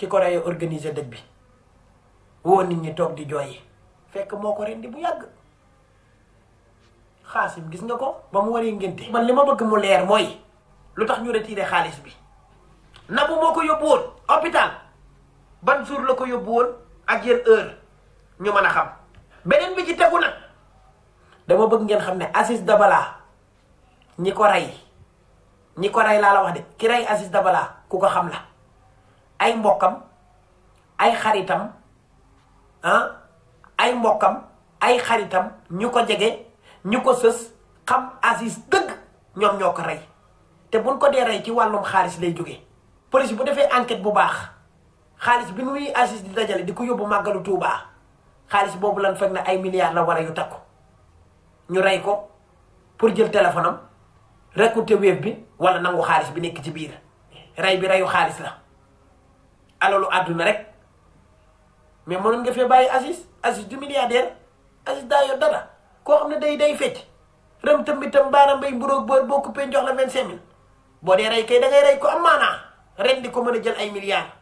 ci ko reyee organiser dëj bi woo nit ñi toog di jooyi fekk moo ko rendi bu yàgg xaasim gis nga ko ba mu waree ngénte man li ma bëgg mu leer mooy lu tax ñu retiré xaalis bi nabu moo ko yóbbuwoon woon ban jour la ko yóbbu woon ak yéen heure ñu mën a xam beneen bi ci tegu nag dama bëgg ngeen xam ne Aziz Dabala ñi ko rey ñi ko rey laa la wax de ki rey Aziz Dabala ku ko xam la ay mbokkam ay xaritam ah, ay mbokkam ay xaritam ñu ko jege ñu ko sës xam Aziz dëgg ñoom ñoo ko rey te buñ ko dee rey ci wàllum xaalis lay jóge police bu defee enquête bu baax xaalis bi nuy Aziz di dajale di ko yóbbu màggalu Tuubaa xaalis boobu lan fekk na ay milliards la war a yu takku ñu rey ko pour jël téléphone am recouté web bi wala nangu xaalis bi nekk ci biir rey bi reyu xaalis la alalu àdduna rek mais mënoon nga fee bàyyi Aziz Aziz du milliardaire Aziz daa yor dara koo xam ne day day fecc rëm tam bi tam baaraam bay mburoog boo boo coupé jox la vingt cinq boo dee rey kay dangay ngay rey ko am maanaa ren di ko mën a jël ay milliards